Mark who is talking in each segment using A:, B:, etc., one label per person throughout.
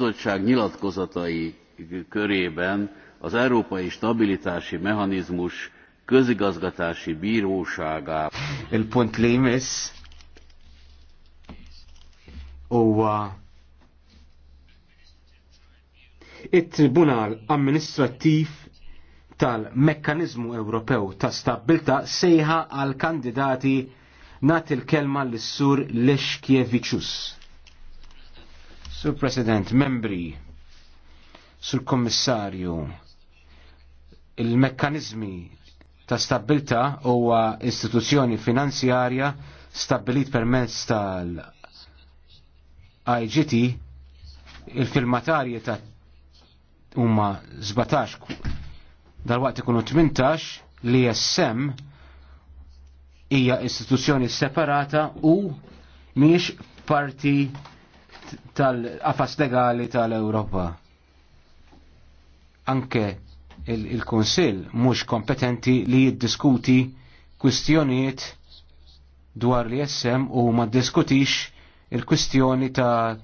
A: bizottság nyilatkozatai körében az Európai Stabilitási Mechanizmus közigazgatási bíróságá. il pont li jmiss huwa it-Tribunal Amministrattiv tal-Mekkanizmu Ewropew ta' Stabilta sejħa għal kandidati nat il-kelma l-sur Leshkiewiczus. Sur President, membri, sur Kommissarju, il-mekkanizmi ta' stabilta huwa istituzzjoni finanzjarja stabilit permezz tal-IGT il-filmatarji ta' huma 17 dal-waqt ikunu 18 li jessem hija istituzzjoni separata u miex parti tal-qafas legali tal-Ewropa. Anke il-Konsil mhux kompetenti li jiddiskuti kwistjonijiet dwar li jessem u ma diskutix il-kwistjoni ta'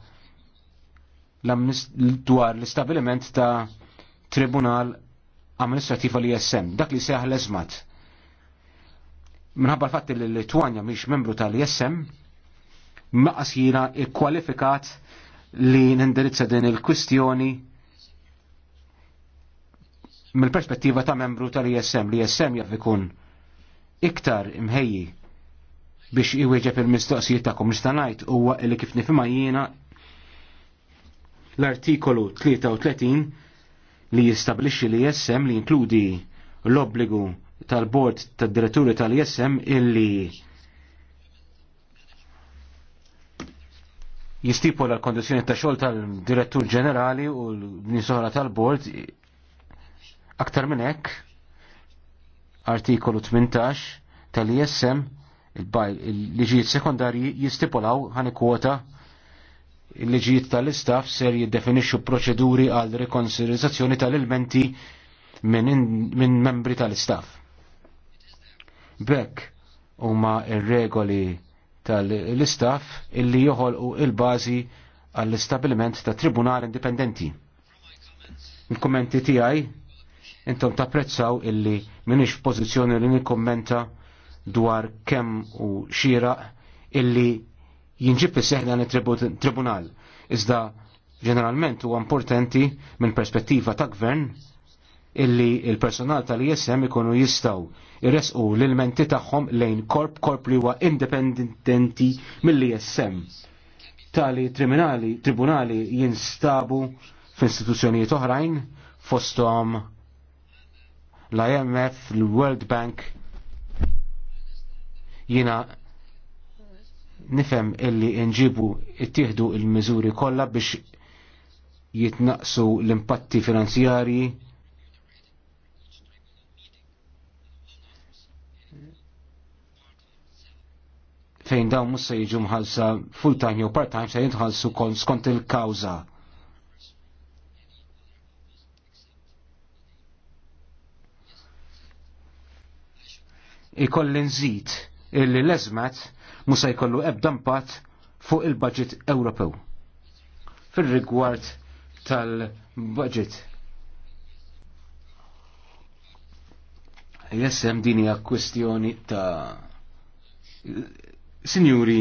A: dwar l-istabiliment ta' tribunal amministrativa li jessem, dak li seħ l-ezmat. Minħabba l-fatti li l-Litwanja miex membru tal-ISM, maqas jina ikkwalifikat li nindirizza din il-kwistjoni mill-perspettiva ta' membru tal-ISM li ISM e jaf ikun iktar imħejji biex iweġeb il-mistoqsijiet ta' ngħid huwa li kif nifhimha jiena l-artikolu 33 li jistablixxi e li jessem li jinkludi l-obbligu tal-bord tad-diretturi tal-jessem illi jistipu l-kondizjoni ta' xogħol tal-direttur ġenerali u l-nisohra tal-bord aktar minn hekk artikolu 18 tal-ISM il-liġijiet sekondarji jistipulaw ħani kwota il-liġijiet tal-istaff ser jiddefinixxu proċeduri għal rekonsiderizzazzjoni tal-ilmenti minn membri tal-istaff. Bekk huma ir-regoli tal-istaff illi joħolqu il-bażi għall-istabilment ta' tribunal indipendenti. Il-kommenti tiegħi intom prezzaw illi minix f'pożizzjoni li nikkommenta dwar kemm u xieraq illi jinġib is-seħna tribunal. Iżda ġeneralment huwa importanti minn perspettiva ta' gvern illi il-personal tal-ISM ikunu jistaw irresqu l ilmenti tagħhom lejn korp korp li huwa indipendenti mill-ISM. Tali triminali, tribunali jinstabu f'istituzzjonijiet oħrajn fostom l-IMF, l-World Bank jina nifem illi nġibu ittieħdu il-miżuri kollha biex jitnaqsu l-impatti finanzjarji fejn dawn mhux se jiġu mħallsa full time jew part time se jintħallsu kon skont il-kawża. Ikolli nżid illi l-eżmat jkollu ebda impatt fuq il-budget Ewropew. Fil-rigward tal-budget jessem din hija kwestjoni ta' Signori,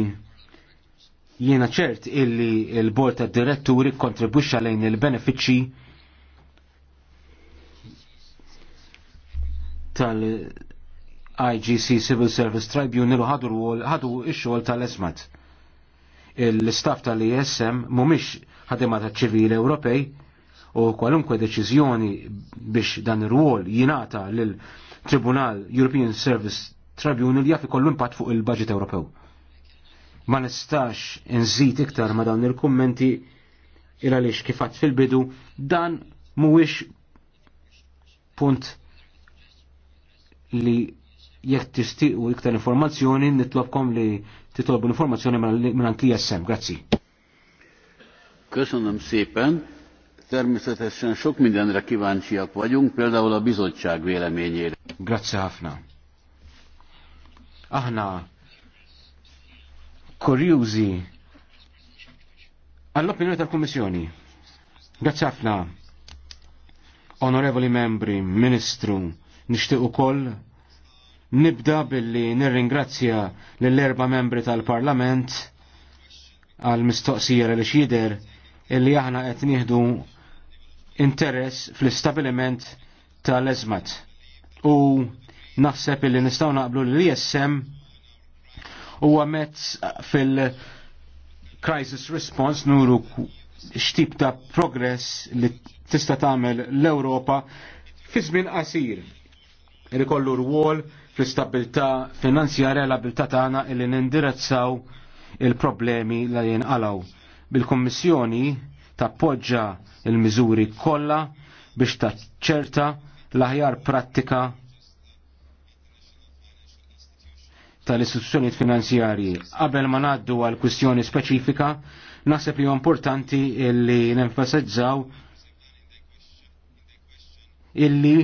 A: jiena ċert illi il-bord tad diretturi kontribuxxa lejn il-benefiċċji tal-IGC Civil Service Tribunal u ħadu ħadu x-xogħol tal-esmat. Il-staff tal-ISM mhumiex ħadimata ta' ċivili Ewropej u kwalunkwe deċiżjoni biex dan ir-rwol jingħata lil Tribunal European Service Tribunal jaf ikollu impatt fuq il baġit Ewropew. Ma nistax nżid iktar ma dawn il-kummenti ila lix kifat fil-bidu dan muwix punt li jekk tistiqu iktar informazzjoni nitlobkom li titolbu l-informazzjoni minn TSM. Grazzi. Köszönöm szépen. Természetesen sok mindenre kíváncsiak vagyunk, például a bizottság véleményére. Grazie ħafna. Aħna kurjużi għall-opinjoni tal-Kummissjoni. Grazzi ħafna, onorevoli membri, ministru, nixtieq ukoll nibda billi nirringrazzja lill-erba membri tal-Parlament għal mistoqsija li xider illi aħna qed nieħdu interess fl-istabiliment tal-eżmat. U naħseb illi nistgħu naqblu li ISM huwa mezz fil-crisis response nuru xtib ta' progress li tista' tagħmel l-Ewropa fi żmien qasir. Irikollu rwol fl-istabilità finanzjarja l-abilità tagħna li nindirizzaw il-problemi li jinqalaw. Bil-Kommissjoni tappoġġa il-miżuri kollha biex taċċerta l-aħjar prattika tal-istituzzjonijiet finanzjarji. Qabel ma ngħaddu għal kwistjoni speċifika, naħseb li importanti li nenfasizzaw illi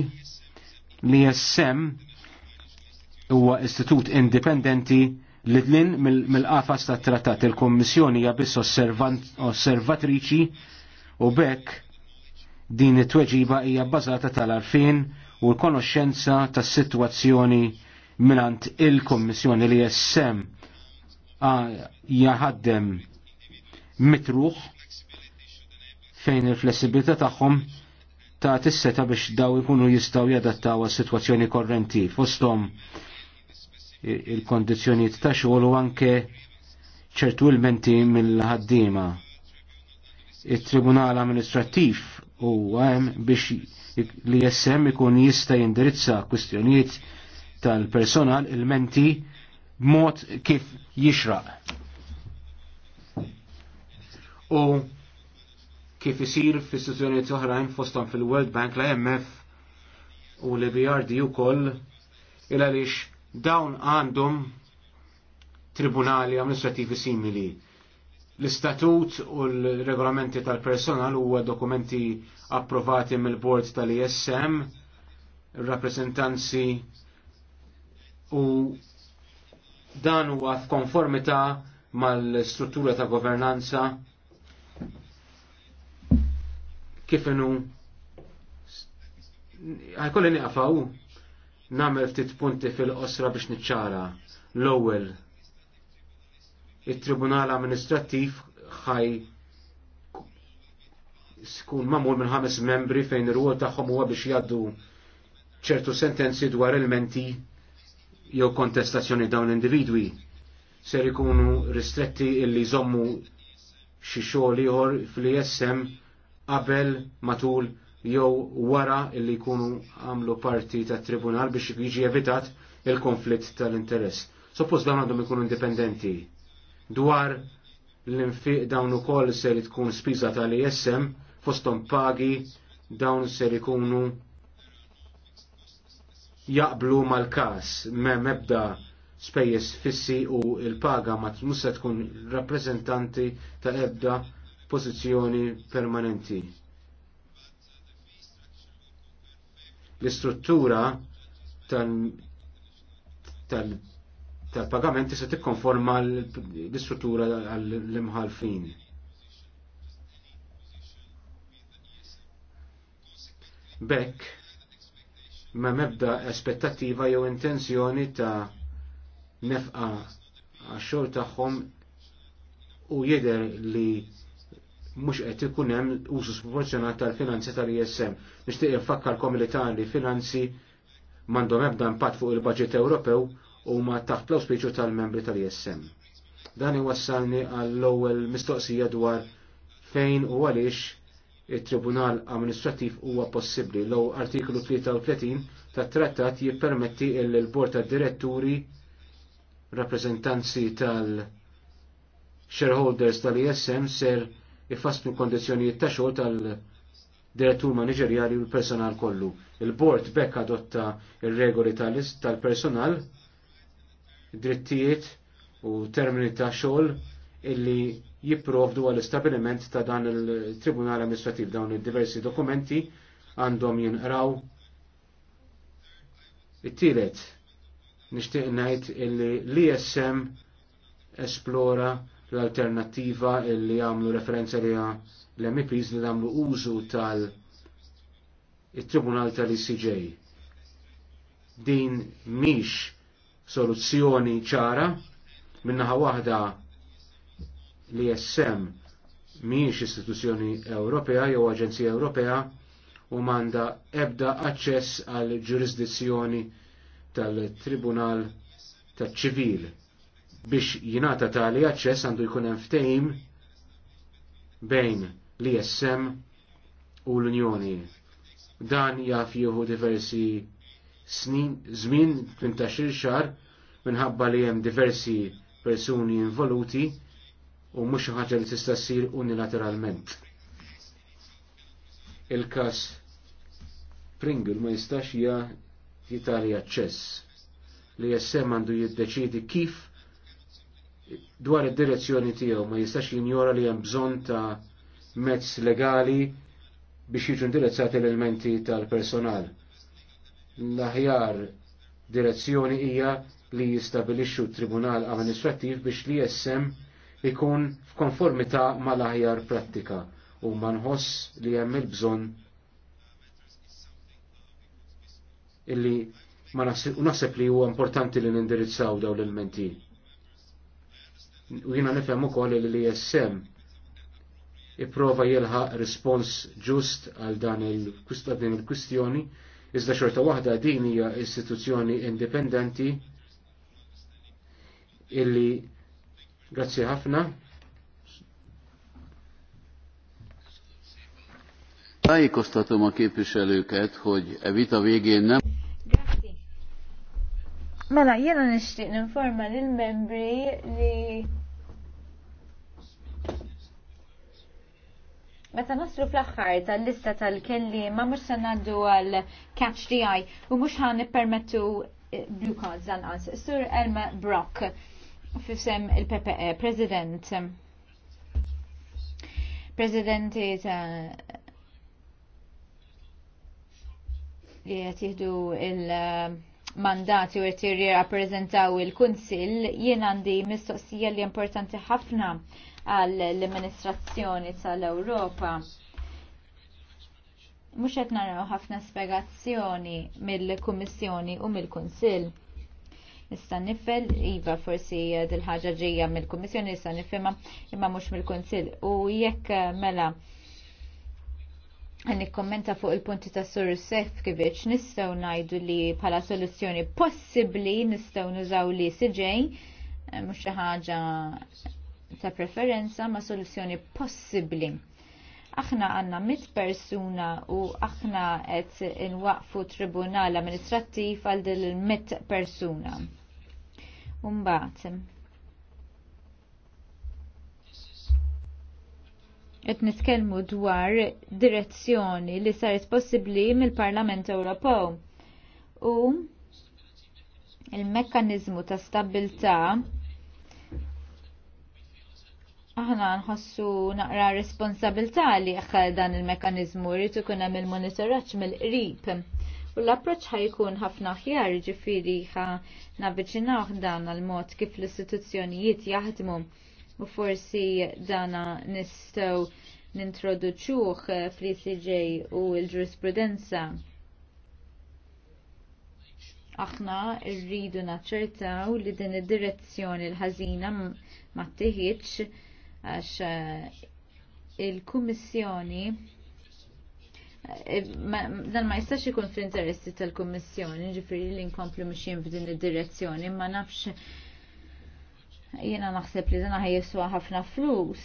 A: li jessem huwa istitut indipendenti li tlin mill-qafas tat trattat il-Kommissjoni hija biss osservatriċi u bekk din it-tweġiba hija bbażata tal-arfin u l-konoxxenza tas-sitwazzjoni minant il-Kommissjoni li jessem jaħaddem mitruħ fejn il-flessibilità tagħhom ta' tisseta biex daw ikunu jistaw jadattaw għas situazzjoni korrenti fostom il kondizjoni ta' xogħol u anke ċertu ilmenti mill-ħaddiema. Il-Tribunal Amministrattiv u għem biex li jessem ikun jista jindirizza kwistjonijiet tal-personal il-menti b'mod kif jixraq. U kif isir t oħrajn fostan fil-World Bank la IMF u l-BRD ukoll il għaliex dawn għandhom tribunali amministrativi simili. L-istatut u l-regolamenti tal-personal huwa dokumenti approvati mill-bord tal-ISM, rappresentanzi u dan huwa f'konformità mal-struttura ta' governanza kif inhu ħajkolli niqafaw nagħmel ftit punti fil-qosra biex niċċara. L-ewwel it-Tribunal Amministrativ ħaj skun mamul minn ħames membri fejn ir tagħhom huwa biex jgħaddu ċertu sentenzi dwar elementi jew kontestazzjoni dawn l-individwi ser ikunu ristretti illi jżommu xi xogħol ieħor fl-ISM qabel matul jew wara illi jkunu għamlu parti tat tribunal biex jiġi evitat il-konflitt tal-interess. Suppost dawn għandhom ikunu indipendenti. Dwar l-infiq dawn ukoll ser tkun spiża tal-ISM fosthom pagi dawn ser ikunu jaqblu mal-kas me mebda spejjeż fissi u il-paga ma musa tkun rappreżentanti ta' ebda pożizzjoni permanenti. L-istruttura tal tal-pagamenti se tikkonforma l-istruttura għall-imħalfin. Bekk, ma mebda aspettattiva jew intenzjoni ta' nefqa għax-xogħol tagħhom u jidher li mhux qed ikun hemm użu sproporzjonat tal-finanzi tal-ISM. Nixtieq infakkarkom li li finanzi m'għandhom ebda impatt fuq il budget Ewropew u ma taħt l-auspiċu tal-membri tal-ISM. Dan iwassalni għall-ewwel mistoqsija dwar fejn u għaliex il-Tribunal Amministrativ huwa possibbli law artiklu 33 tat trattat jippermetti il bord tad Diretturi rappreżentanzi tal-shareholders tal-ISM ser ifasslu kondizjonijiet ta' xogħol tal-direttur maniġerjali u l-personal kollu. Il-Bord bekk adotta il regoli tal-personal, drittijiet u termini ta' xogħol illi jipprovdu għal establiment ta' dan il-Tribunal Amministrativ dawn il-diversi dokumenti għandhom jinqraw. It-tielet, nishtiq ngħid illi l-ISM esplora l-alternattiva illi għamlu referenza li l-MPs li għamlu użu tal il-Tribunal tal-ICJ. Din miex soluzzjoni ċara minnaħa waħda li jessem miex istituzzjoni Ewropea jew Aġenzija Ewropea u manda ebda aċċess għal ġurisdizzjoni tal-Tribunal tal-ċivil. Biex jinata tali aċċess għandu jkun hemm ftehim bejn l-ISM u l-Unjoni. Dan jaf jieħu diversi snin, żmien 15 xar minħabba li hemm diversi persuni involuti u mhux xi ħaġa li tista' ssir unilateralment. Il-każ Pringle ma jistax hija jitali aċċess li jessem għandu jiddeċidi kif dwar id-direzzjoni tiegħu ma jistax jinjora li hemm bżonn ta' mezz legali biex jiġu indirizzati l-elementi tal-personal. L-aħjar direzzjoni hija li jistabilixxu tribunal amministrattiv biex li jessem ikun f'konformità mal-aħjar prattika u ma nħoss li hemm il-bżonn illi ma naħseb li huwa importanti li nindirizzaw dawn l-elementi. U jiena nifhem ukoll li l-ISM ipprova jilħaq respons ġust għal dan il-kwistjoni, iżda xorta waħda din hija istituzzjoni indipendenti illi Grazzi ħafna. Tájékoztatom a képviselőket, hogy e vita végén nem...
B: Mela, Mela, jena nem ninforma l-membri li... Meta naslu fl-axħar tal-lista tal-kelli ma mux sanaddu għal-catch DI u mux ħan permettu eh, blu cards dan Sur Elma Brock. Fisem il-PPE, President. Presidenti ta' li jieħdu il- mandati u jirti jirrapprezentaw il-Kunsil, jien għandi mistoqsija li importanti ħafna għall l-amministrazzjoni tal-Europa. Mhux qed naraw ħafna spjegazzjoni mill-Kummissjoni u mill kunsill Nista' nifel, iva forsi eh, dil-ħaġa ġejja mill-Kummissjoni nista' nifhimha imma mhux mill-Kunsill. U jekk eh, mela għan kommenta fuq il-punti ta' Sur Sefkovic nistaw najdu li pala soluzzjoni possibli nistaw nużaw li siġej, eh, mux ħaġa ta' preferenza ma' soluzzjoni possibli aħna għanna mit persuna u aħna għet inwaqfu tribunal amministrattiv għal dil mit persuna. Umbat. Et niskelmu dwar direzzjoni li saret possibli mill-Parlament Ewropew u il-mekkanizmu ta' stabilta' aħna nħossu naqra responsabilità li dan il-mekanizmu rritu kuna il monitoraċ mill-qrib u l-approċ ħajkun ħafna ħjar ġifiri ħa navicinaw dan għal-mod kif l-istituzzjonijiet jaħdmu u forsi dana nistaw nintroduċuħ fl-ICJ u l-ġurisprudenza. Aħna rridu naċċertaw li din id-direzzjoni l-ħażina ma tiħiċ għax eh, il-Kummissjoni Eh, dan ma jistax ikun fl-interessi tal-Kommissjoni, ġifiri li nkomplu mxin f'din id-direzzjoni, ma nafx jiena naħseb li dan ħajiswa ħafna flus.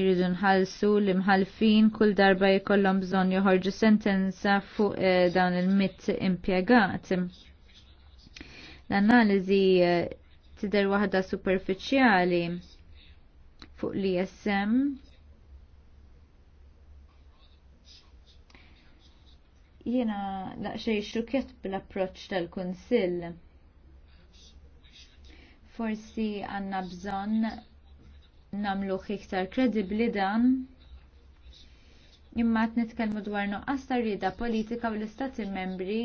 B: Iridu nħallsu li mħalfin kull darba jkollhom bżonn joħorġu sentenza fuq eh, dawn il-mitt impjegat. L-analiżi eh, tidher waħda superfiċjali fuq l-ISM Jiena daqsxejn xukjet bl-approċċ tal-Kunsill. Forsi għandna bżonn namlu iktar kredibbli dan imma qed nitkellmu dwar nuqqas tarrieda politika u l-istati membri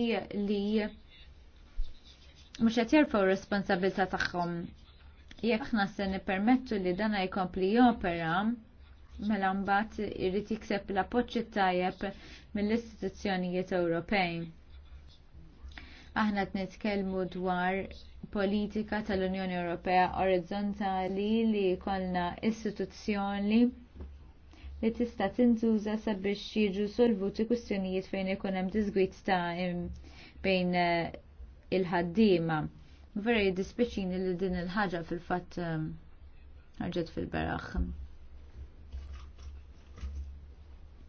B: li mhux qed jerfgħu responsabilità tagħhom. Jekk aħna se nippermettu li dana jkompli jopera, mela mbagħad irid jikseb l-appoġġ tajjeb mill-istituzzjonijiet Ewropej. Aħna qed nitkellmu dwar politika tal-Unjoni Ewropea orizzontali li jkollna istituzzjoni li tista' tintuża sabiex jiġu solvuti kwistjonijiet fejn ikun hemm diżgwit ta' bejn eh, il-ħaddiema. Vera jiddispiċini li din il-ħaġa fil-fatt eh, ħarġet fil-beraħ.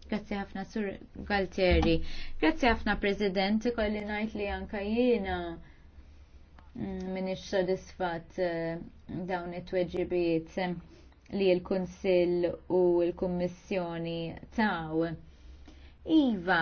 B: Grazzi ħafna Sur Galtieri. Grazzi ħafna President, kolli najt li anka jiena mm, minix sodisfatt eh, dawn it-tweġibiet li l-Kunsill u l-Kummissjoni taw. Iva,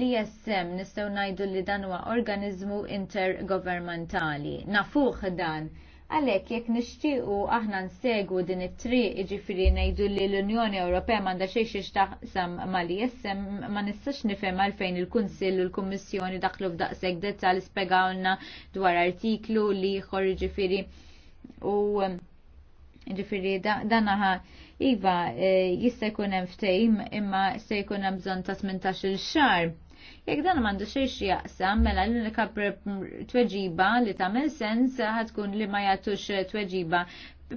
B: li jessem nistaw najdu li dan huwa organizmu intergovernmentali. Nafuħ dan Għalek, jek nishtiqu aħna nsegu din it-triq iġifiri najdu li l-Unjoni Ewropea manda xiex xiex ma mali jessem, ma nistax nifem għalfejn il-Kunsill u l-Kummissjoni daħlu f'daqseg dettal spegawna dwar artiklu li jħor iġifiri u ġifiri dan aħa Iva, eh, jista' jkun hemm ftehim imma se jkun hemm bżonn ta' 18-il xar. Jekk dan m'għandu xiex jaqsam mela l-unika tweġiba li tagħmel sens ħatkun li ma jagħtux tweġiba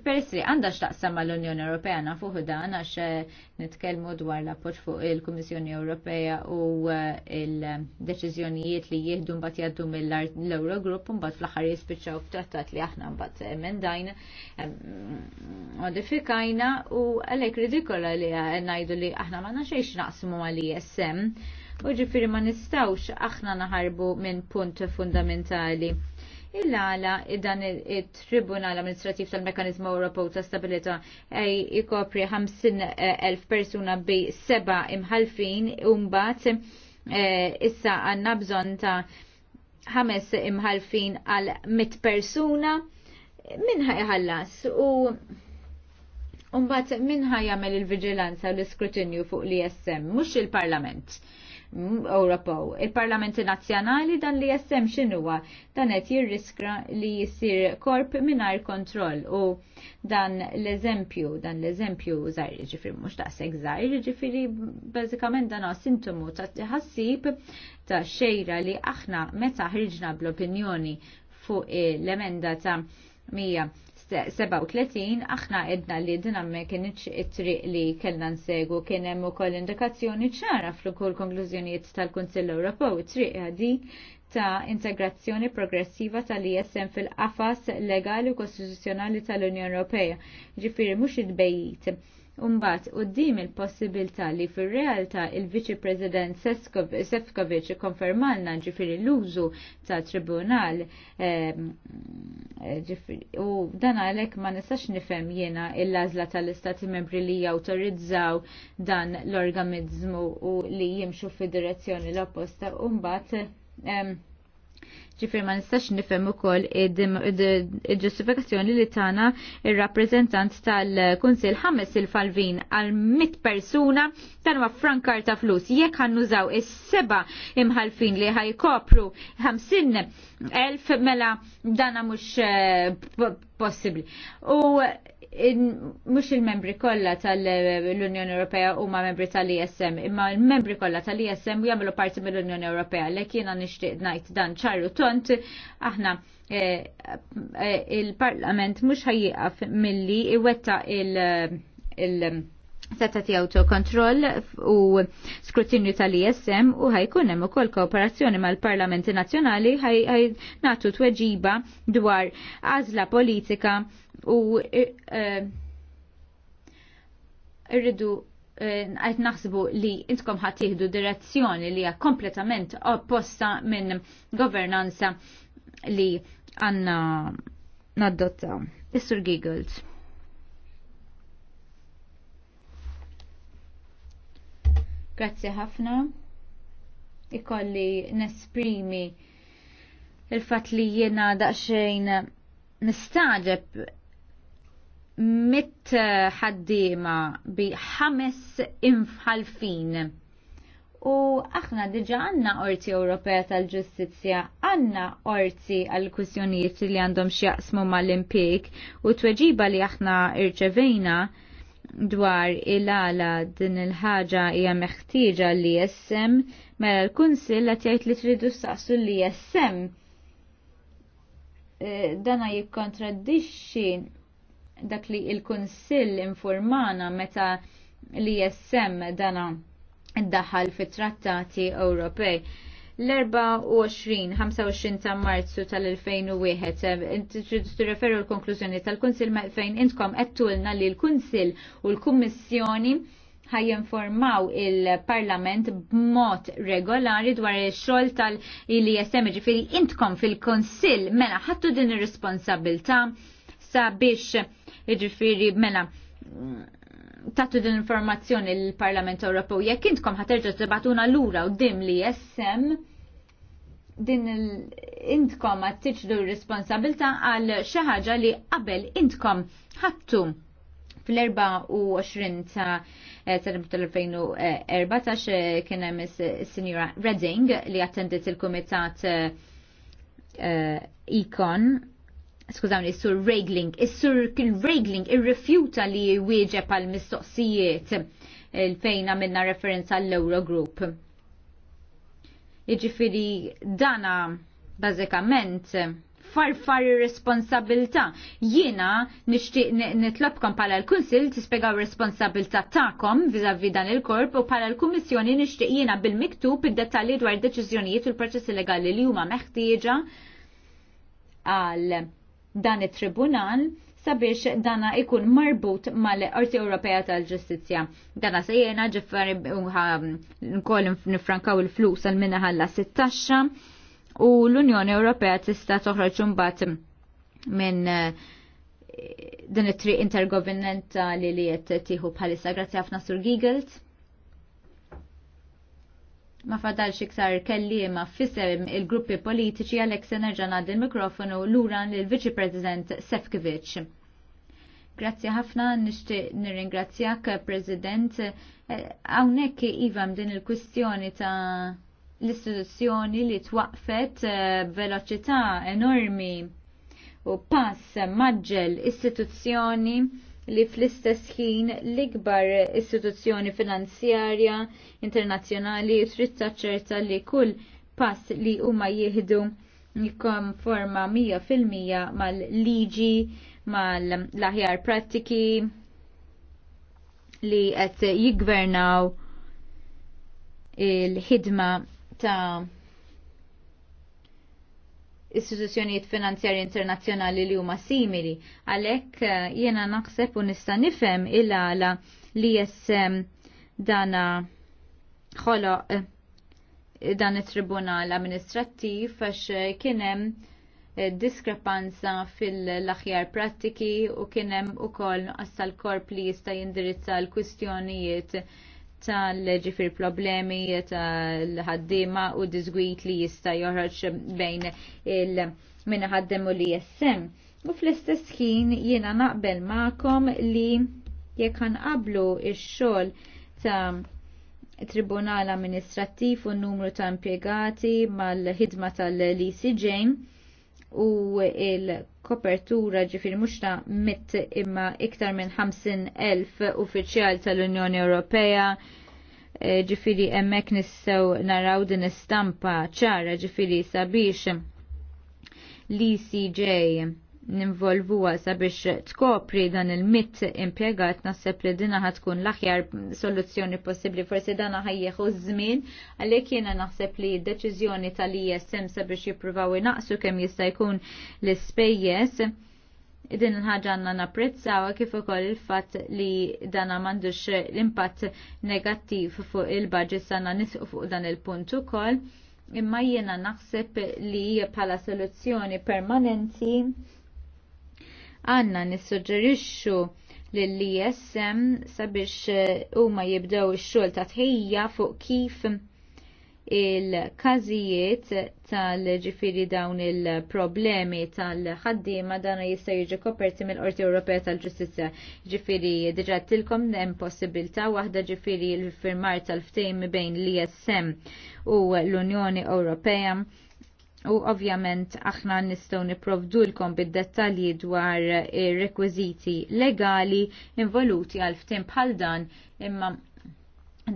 B: Persi, għanda x'taqsam mal-Unjoni Ewropea nafuħ dan għax eh, nitkellmu dwar l-appoġġ fuq il-Kummissjoni Ewropea u eh, il-deċiżjonijiet li jieħdu mbagħad jgħaddu mill-Eurogrupp u mbagħad fl-aħħar jispiċċaw f'trattat li aħna mbagħad emendajna modifikajna u għalhekk ridikola li eh, ngħidu li aħna ma nafx naqsmu għal ism u ma nistawx aħna naħarbu minn punt fundamentali. Il-għala id-dan il-Tribunal Amministrativ tal-Mekanizmu Ewropew ta' Stabilita ej ikopri 50.000 persuna bi seba imħalfin umbat e, issa għanna bżon ta' ħames imħalfin għal mit persuna minħa iħallas u Umbat minħa jagħmel il-viġilanza u l-iskrutinju fuq l-ISM, mhux il-Parlament. Ewropew. Il-Parlamenti Nazzjonali dan li jessem xinuwa dan qed jirriskra li jisir korp mingħajr kontroll u dan l-eżempju, dan l-eżempju żgħir ġifri mhux daqshekk żgħir, jiġifieri bażikament dan sintomu ta' ħassib ta' xejra li aħna meta ħriġna bl-opinjoni fuq l-emenda ta' Mija. 37 aħna edna li din me kienieċ it-triq li kellna nsegu kien hemm ukoll indikazzjoni ċara fl-ukoll konklużjonijiet tal-Kunsill Ewropew it-triq għadi ta' integrazzjoni progressiva tal-ISM fil-qafas legali u kostituzzjonali tal-Unjoni Ewropea. Ġifieri mhux idbejjit. Umbat, u d-dim il-possibilta li fil realtà il-Viċi President Sefkovic konfermalna ġifiri l-użu ta' tribunal ehm, Eh, u dan għalek ma nistax nifem jena il-lazla tal-istati membri li jawtorizzaw dan l-organizmu u li jimxu fi direzzjoni l-opposta Umbat, ġifir ma nistax nifhem ukoll il-ġustifikazzjoni li tana il rappreżentant tal-Kunsill ħames il-falvin għal mit persuna tanu ma frankar ta' flus. Jekk ħannużaw is-seba imħalfin li ħajkopru 50 elf mela dana mhux eh, possibbli. U mux il-membri kolla tal-Unjoni Ewropea u ma membri tal-ISM, imma il-membri kolla tal-ISM jamlu parti mill-Unjoni Ewropea, li kiena nixtieq ngħid dan ċarru tont, aħna eh, eh, il-Parlament mhux ħajjiqaf milli iwetta il- setati autokontroll u skrutinju tal-ISM u ħajkun hemm ukoll kooperazzjoni mal-Parlamenti Nazzjonali ħaj nagħtu tweġiba dwar għażla politika u irridu e, e, e, għajt naħsbu li intkom ħat jihdu direzzjoni li hija kompletament opposta minn governanza li għanna naddotta. Is-Sur Giggles. Grazzi ħafna. Ikolli nesprimi il-fat li jiena daqxejn nistaġeb mit eh, ħaddima bi ħames imħalfin. U aħna diġa għanna orti Ewropea tal-ġustizja, għanna orti għal-kwistjonijiet li għandhom xjaqsmu mal-impik u tweġiba li aħna irċevejna dwar il-għala din il-ħaġa hija meħtieġa li jessem, mela l-kunsil qed jgħid li tridu saqsu li jessem. E, dana jikkontraddixxi dak li il-kunsill informana meta li jessem dana iddaħħal fit-trattati Ewropej l-24-25 ta' marzu tal-2001 t referu l-konklużjoni tal-Kunsil fejn intkom għettulna li l-Kunsil u l-Kummissjoni ħajjenformaw il-Parlament b'mod regolari dwar il-xol tal-ISM, ġifiri intkom fil kunsil mela ħattu din ir responsabilta sabiex ġifiri mela Tattu din informazzjoni l-Parlament Ewropew jekk intkom ħaterġa' tibatuna lura u dim li jessem din intkom għad tiġdu responsabilta għal xi ħaġa li qabel intkom ħattu fl-24 ta' tal-2014 kien hemm is-Sinjura Redding li attendit il-Kumitat Icon. Eh, skużawni, sur Regling, is-sur Regling irrifjuta li wieġeb għal mistoqsijiet il-fejna eh, minna referenza għall-Eurogroup. Iġifiri dana bażikament farfar responsabilta. Jiena nixtieq nitlobkom pala l-Kunsil tispjegaw responsabilta tagħkom vizavi dan il-korp u pala l-Kummissjoni nixtieq jina bil-miktub id-dettalji dwar deċiżjonijiet u l-proċessi legali li huma meħtieġa għal dan it-tribunal sabiex dana ikun marbut mal-Qorti Ewropea tal-Ġustizzja. Dana se jena ġifari nkoll nifrankaw il-flus għal minna ħalla 16 u l-Unjoni Ewropea tista toħroġ imbagħad minn eh, din it-triq intergovernmentali li qed tieħu bħalissa. Grazzi ħafna Sur Giegelt ma fadal xiktar kellima fissem il-gruppi politiċi għalhekk se nerġa' ngħaddi l-mikrofonu lura lill-Viċi President Sefkovic. Grazzi ħafna, nixtieq nirringrazzjak President. Hawnhekk iva din il-kwistjoni ta' l-istituzzjoni li twaqfet eh, veloċità enormi u pass maġġel istituzzjoni li fl-istess ħin l-ikbar istituzzjoni finanzjarja internazzjonali trid taċċerta li kull pass li huma jieħdu jikkonforma 100% mal-liġi, mal-aħjar prattiki li qed jiggvernaw il-ħidma ta' istituzzjonijiet finanzjarji internazzjonali li huma simili. Għalhekk eh, jiena naħseb u nista' nifhem il-għala li jessem dana ħolo eh, dan it-tribunal amministrattiv għax eh, kienem diskrepanza fil-aħjar prattiki u kienem u koll għassal korp li jista jindirizza l-kwistjonijiet tal fil problemi l ħaddima u dizgwit li jista' joħroġ bejn il-minna ħaddim u li jessem. U fl-istess ħin jiena naqbel ma'kom li jekk ħanqablu ix-xogħol ta' Tribunal Amministrattiv u n-numru ta' impjegati mal-ħidma tal-ECJ u il-kopertura ġifiri mux ta' mit imma iktar minn 50.000 uffiċjal tal-Unjoni Ewropea e, ġifiri emmek nissew naraw din istampa ċara ġifiri sabiex l-ECJ ninvolvuha sabiex tkopri dan il-mit impjegat naħseb li dina tkun l-aħjar soluzzjoni possibbli forsi dan ħajjeħu żmien għalhekk jiena naħseb li d-deċiżjoni tal-ISM sabiex jippruvaw inaqsu kemm jista' jkun l-ispejjeż din ħaġa għanna napprezzaw kif ukoll il-fatt li dana m'għandux l-impatt negattiv fuq il-budget sana nisqu fuq dan il-punt ukoll imma jiena naħseb li bħala soluzzjoni permanenti għanna nissuġġerixxu lill-ISM sabiex eh, huma jibdew ix-xogħol ta' tħejja fuq kif il-każijiet tal-ġifiri dawn il-problemi tal-ħaddiema dan jista' jiġi koperti mill-Qorti Ewropea tal-Ġustizzja. Ġifiri diġà tilkom hemm possibilità waħda ġifiri l-firmar tal-ftehim bejn l-ISM u l-Unjoni Ewropea U ovvjament aħna nistgħu niprovdulkom bid-dettalji dwar ir-rekwiżiti legali involuti għal ftim bħal dan imma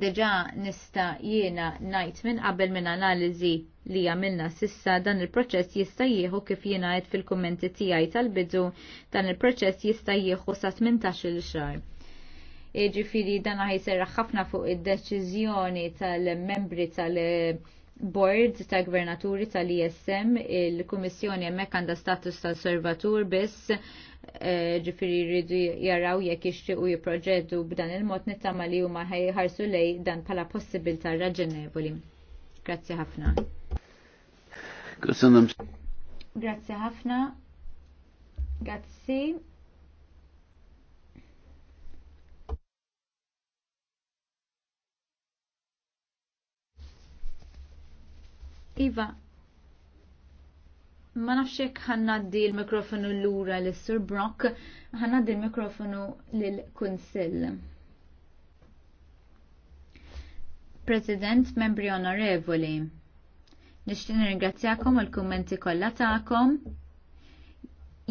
B: deġa nista jiena najt minn qabel minn analiżi li għamilna sissa dan il-proċess jista' jieħu kif jiena għed fil-kummenti tiegħi tal-bidu dan il-proċess jista' jieħu sa 18-il xahar ġifiri dan ħajserra ħafna fuq id-deċiżjoni tal-membri tal-, -membri tal board ta' gvernaturi tal-ISM, il-Kummissjoni hemmhekk għandha status ta' servatur biss eh, ġifiri jridu jaraw jekk ixtiequ jipproġedu b'dan il-mod nittama li huma ħarsu lej dan bħala possibilità raġenevoli. Grazzi ħafna. Grazzi ħafna. Grazzi. Iva, ma nafx nafxek ħannaddi l-mikrofonu l-ura l-Sur Brock, ħannaddi l-mikrofonu l-Kunsill. President, membri onorevoli, nishtin ringrazzjakom għal kummenti kollha tagħkom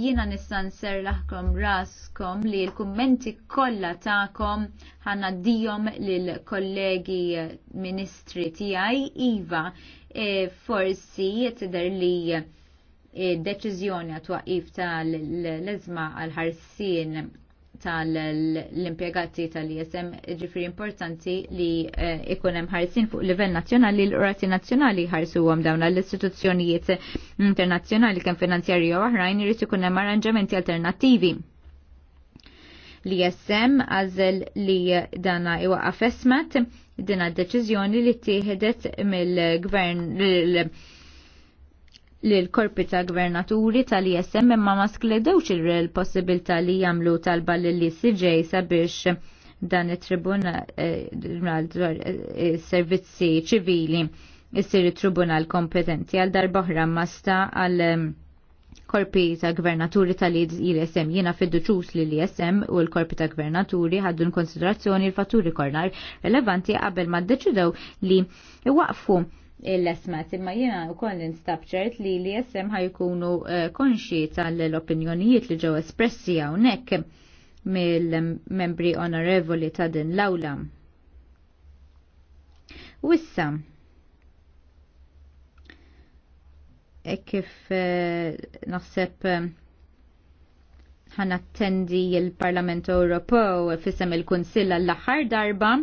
B: jiena nissan ser laħkom raskom li l-kummenti kollha tagħkom ħanaddihom l kollegi ministri tiegħi iva e, forsi tidher li e, deċiżjoni għat ta' l lezma għal-ħarsin tal-impiegati tal-ISM ġifri importanti li eh, ikunem ħarsin fuq livell nazjonali l-urati nazjonali ħarsu għom dawna l-istituzzjonijiet internazjonali kem finanzjari u għahrajn jirrit ikunem arranġamenti alternativi. L-ISM għazel li dana iwa fesmat dina d-deċizjoni li tieħedet mill-gvern li l-korpi ta' gvernaturi tal-ISM imma ma skledewx il-possibilità li jamlu talba li siġej sabiex dan it-tribunal eh, eh, servizzi ċivili jissir tribunal kompetenti għal darboħra masta għal korpi ta' gvernaturi tal-ISM jiena fiduċus li l-ISM u l-korpi ta' gvernaturi n konsiderazzjoni l-fatturi kornar relevanti qabel ma' deċidew li waqfu l-esmat imma jena u koll instabċert li li jessem ħajkunu eh, konxi tal-opinjonijiet li ġew espressi hawnhekk mill-membri onorevoli ta' din l-awla. Wissa, e kif eh, naħseb eh, ħanattendi il-Parlament Ewropew fissem il-Kunsilla l-aħħar darba,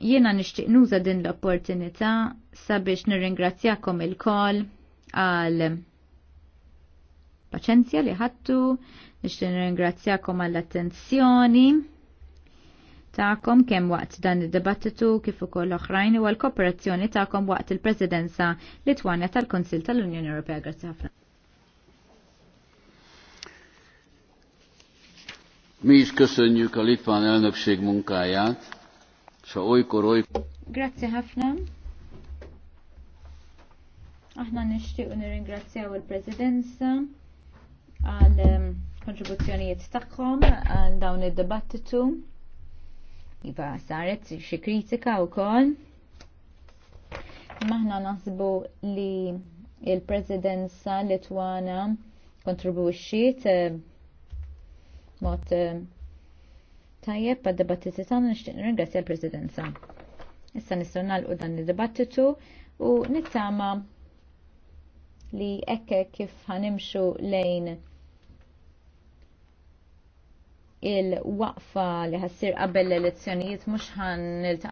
B: Jiena nixtieq nuża din l-opportunità sabiex nirringrazzjakom il-kol għal paċenzja li ħattu, nixtieq nirringrazzjakom għall attenzjoni ta'kom kemm waqt dan id-dibattitu kif ukoll oħrajn u għall-kooperazzjoni ta'kom waqt il-Presidenza Litwanja tal-Kunsil tal-Unjoni Ewropea. Grazzi ħafna.
A: Mi is köszönjük a litván elnökség munkáját. Xo rujku.
B: Grazzi ħafna. Aħna nishtiqu nirringrazzjaw il-Presidenza għal ehm, kontribuzzjonijiet tagħhom għal dawn id-dibattitu. Iva saret xi kritika wkoll. Maħna naħsbu li il-Presidenza Litwana kontribuxxiet ehm, mod ehm, Tajjeb għad debattiti tagħna nixtieq nirringrazzja l-Presidenza. Issa nistgħu nagħlqu dan id-dibattitu u nittama li ekke kif ħanimxu lejn il-waqfa li ħassir qabel l-elezzjonijiet mhux ħan